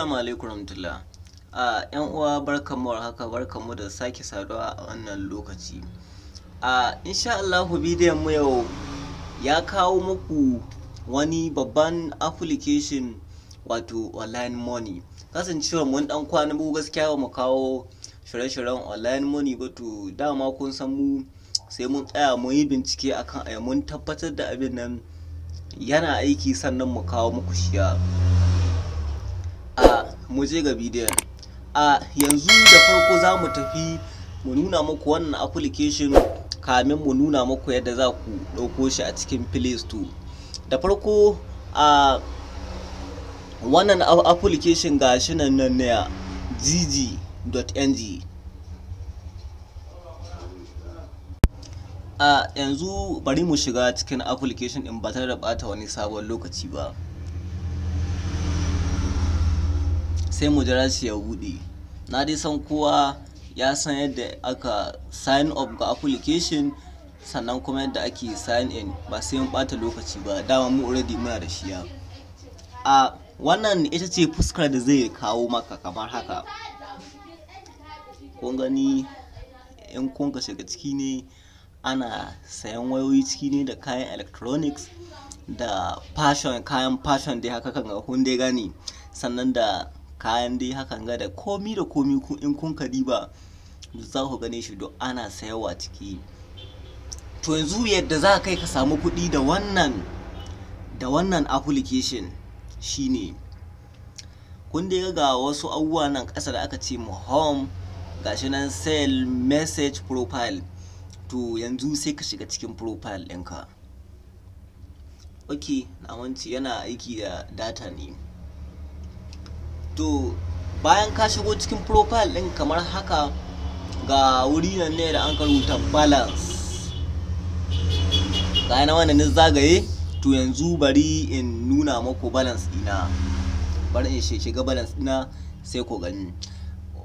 Assalamu alaikum rahmatullah. A yan uwa barkanmu haka barkanmu da sake saduwa a wannan lokaci. A insha Allahu bidiyon mu yau ya kawo muku wani babban application wato online money. Kasancewar mun dan kwana mu gaskiya mu kawo shirye-shiryen online money ba to dama kun san mu sai mun tsaya mun yi bincike akan ai eh, mun tabbatar da abin nan yana aiki sannan mu kawo muku shiya. mu je ga bidiyon a yanzu da farko za mu tafi mu nuna muku wannan application kamin mu nuna muku yadda za ku ɗauko shi a cikin play store da farko a wannan application ga shi nan nan ne gg.ng a yanzu bari mu shiga cikin application ɗin ba tare da bata wani sabon lokaci ba sai mu jira shi ya buɗe na dai san kowa ya san yadda aka sign up ga application sannan kuma yadda ake sign in ba sai mun bata lokaci ba dama mu already muna da shi ya a wannan ita ce fuskar da zai kawo maka kamar haka kun gani in kun ka shiga ciki ne ana sayan wayoyi ciki ne da kayan electronics da fashion kayan fashion dai haka kan ga kun dai gani sannan da kayan dai hakan ga da komi da komi in kun ka diba za ku gane shi duk ana sayarwa ciki to yanzu yadda za kai ka samu kuɗi da wannan da wannan application shine kun dai ga wasu abubuwa nan ƙasa da aka ce mu home gashi nan sell message profile to yanzu sai ka shiga cikin profile ɗinka ok na wanci yana aiki da data ne to bayan ka shigo cikin profile ɗin kamar haka ga wuri nan ne da an ka rubuta balance ga yana wannan na zagaye to yanzu bari in nuna muku balance ɗina bari in shiga balance ɗina sai ko gani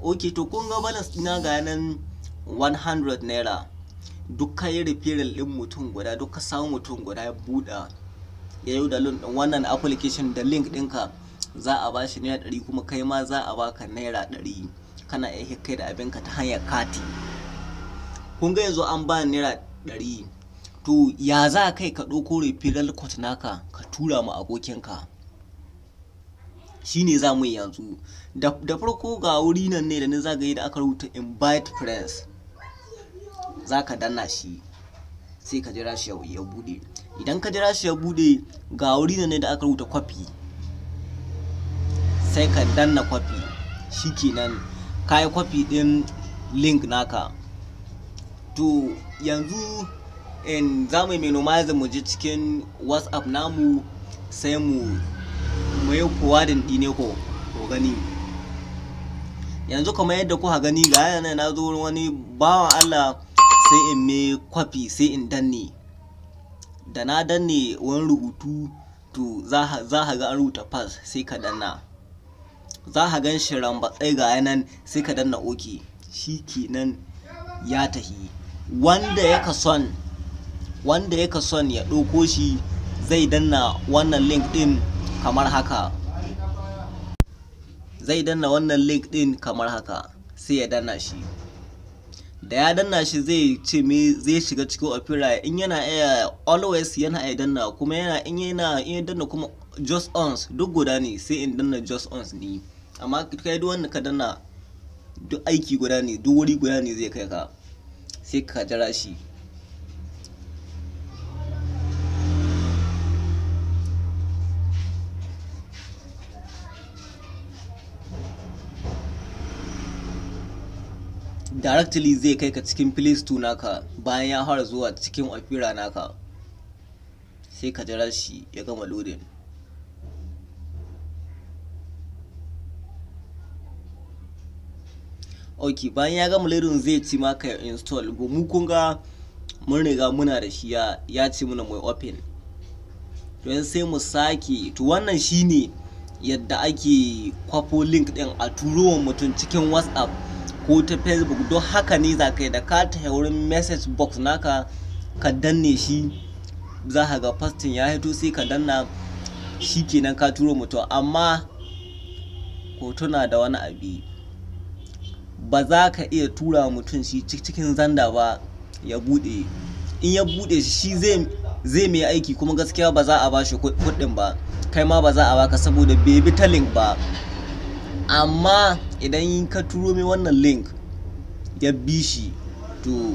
ok to kun ga balance ɗina ga nan 100 naira duka yi referral din mutum guda duka samun samu mutum guda ya buɗa ya yi da wannan application da link ɗinka za a ba shi naira ɗari kuma kai ma za a ka naira ɗari kana iya kai da abinka ta hanyar kati kun ga yanzu an ba naira ɗari to ya za kai ka ɗauko referral code naka ka tura ma abokinka shi za mu yanzu da farko ga wuri nan ne da ni za yi da aka rubuta invite friends za ka danna shi sai ka jira shi ya bude idan ka jira shi ya bude ga wuri nan ne da aka rubuta kwafi sai ka danna kwafi shikenan ka yi kwafi ɗin link naka to yanzu in za mu yi mu je cikin whatsapp namu sai mu yi forwarding ɗine ko ko gani yanzu kamar yadda kuka gani ga yana na zo wani bawan Allah sai in me kwafi sai in danne da na danne wani rubutu to za ka ga an rubuta pass sai ka danna za a gan shi rambatsai ga yanan sai ka danna oke shi kenan ya tahi wanda ya ka son wanda ya ka son ya ɗauko shi zai danna wannan link din kamar haka zai danna wannan link din kamar haka sai ya danna shi da ya danna shi zai ce me zai shiga cikin opera in yana iya always yana iya danna kuma yana in yana in danna kuma just ons duk guda ne sai in danna just ons ne amma kai duk wanda ka danna duk aiki guda ne duk wuri guda ne zai kai ka sai ka jira shi directly zai kai ka cikin place to naka bayan ya fara zuwa cikin opera naka sai ka jira shi ya gama loading ok bayan ya gama ladin zai ci maka ya install ba mu kun ga mun riga muna da shi ya ci muna mai open to yanzu sai mu sake to wannan shine yadda ake kwafo link din a turowa mutum cikin whatsapp ko ta facebook don haka ne za ka yi da ka ta wurin message box naka ka danne shi za ka ga fastin ya hito sai ka danna shi kenan ka turo mutum amma ko na da wani abi ba za ka iya tura mutum shi cikin zanda ba ya bude in ya bude shi zai mai aiki kuma gaskiya ba za a ba shi kuɗin ba kai ma ba za a baka saboda bebi ta link ba amma idan ka turo mai wannan link ya bi shi to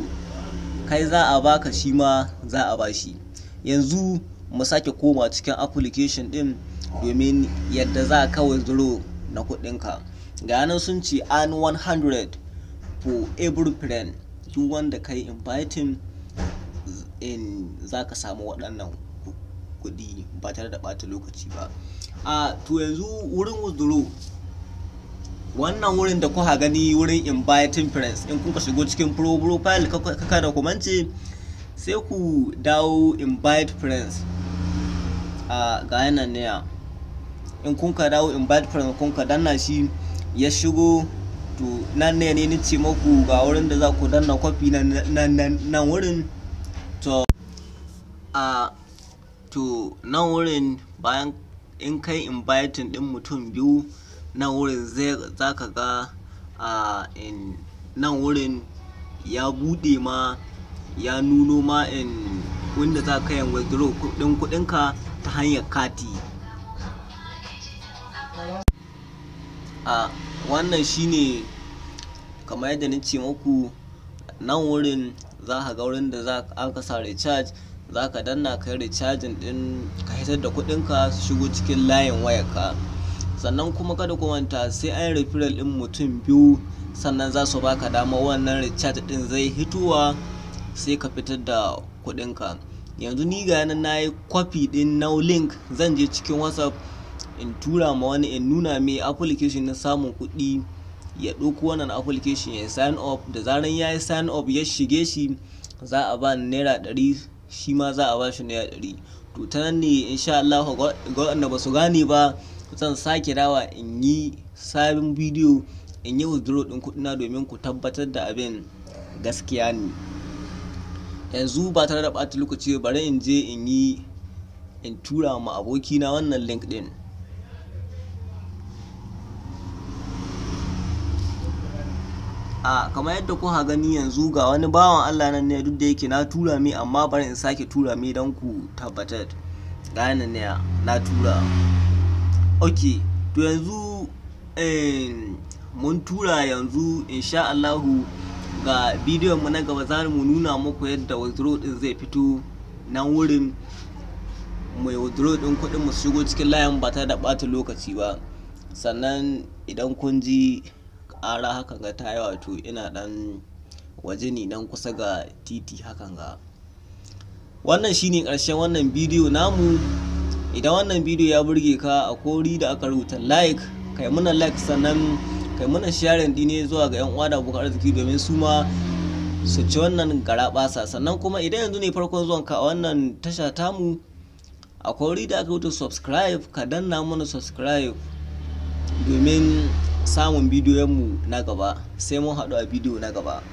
kai za a baka shi ma za a ba shi yanzu mu sake koma cikin application din domin yadda za a kawai zuro na kuɗinka. ganin sun ce an 100 for every friend duk wanda ka yi inviting in za ka samu waɗannan kuɗi ba tare da ɓata lokaci ba a to yanzu wurin withdraw wannan wurin da kuka gani wurin inviting friends in kuka shigo cikin profile kaka da kumance sai ku dawo invite friends a ga yanar ne in kuka dawo invite friends kuka danna shi ya shigo to nan ne ne ce muku ga wurin da za ku danna kwafi nan wurin to a to nan wurin bayan in kai inviting din mutum biyu nan wurin za ka ga a in nan wurin ya bude ma ya nuno ma in wanda za ka yin withdraw kudin kudinka ta hanyar kati a wannan shine kamar yadda na ce muku nan wurin za ka ga wurin da aka sa recharge za ka danna ka yi recharging din ka hitar da kuɗinka su shigo cikin layin wayarka sannan kuma kada ku manta sai an yi referral din mutum biyu sannan za su baka dama wannan recharge ɗin zai hitowa sai ka fitar da kuɗinka yanzu ni ga nan na yi kwafi din now link zan je cikin whatsapp in tura ma wani in nuna mai application na samun kuɗi ya ɗauko wannan application ya sign up da zaran ya yi sign up ya shige shi za a ba ni naira ɗari shi ma za a ba shi naira ɗari to ta nan ne insha Allah ga ba su gane ba zan sake dawa in yi sabon bidiyo in yi withdraw ɗin kuɗina domin ku tabbatar da abin gaskiya ne yanzu ba tare da ɓata lokaci bari in je in yi in tura ma abokina wannan link ɗin a kamar yadda kuka gani yanzu ga wani bawan Allah nan ne duk da yake na tura mai amma bari in sake tura mai don ku tabbatar ga nan ne na tura ok to yanzu eh, mun tura yanzu insha Allahu ga bidiyon mu na gaba za mu nuna muku yadda withdraw din zai fito nan wurin mai withdraw din kuɗin mu shigo cikin layin ba ta da bata lokaci ba sannan idan kun ji ara hakan ga tayi wato ina dan waje ne nan kusa ga titi hakan ga wannan shine karshen wannan bidiyo namu idan wannan bidiyo ya burge ka a kori da aka rubuta like kai muna like sannan kai muna sharing dine zuwa ga yan uwa da abokan arziki domin su ma su ci wannan garaɓasa sannan kuma idan yanzu ne farkon zuwan ka a wannan tasha tamu a kori da aka rubuta subscribe ka danna mana subscribe domin samun bidiyon mu na gaba sai mun haɗu a bidiyo na gaba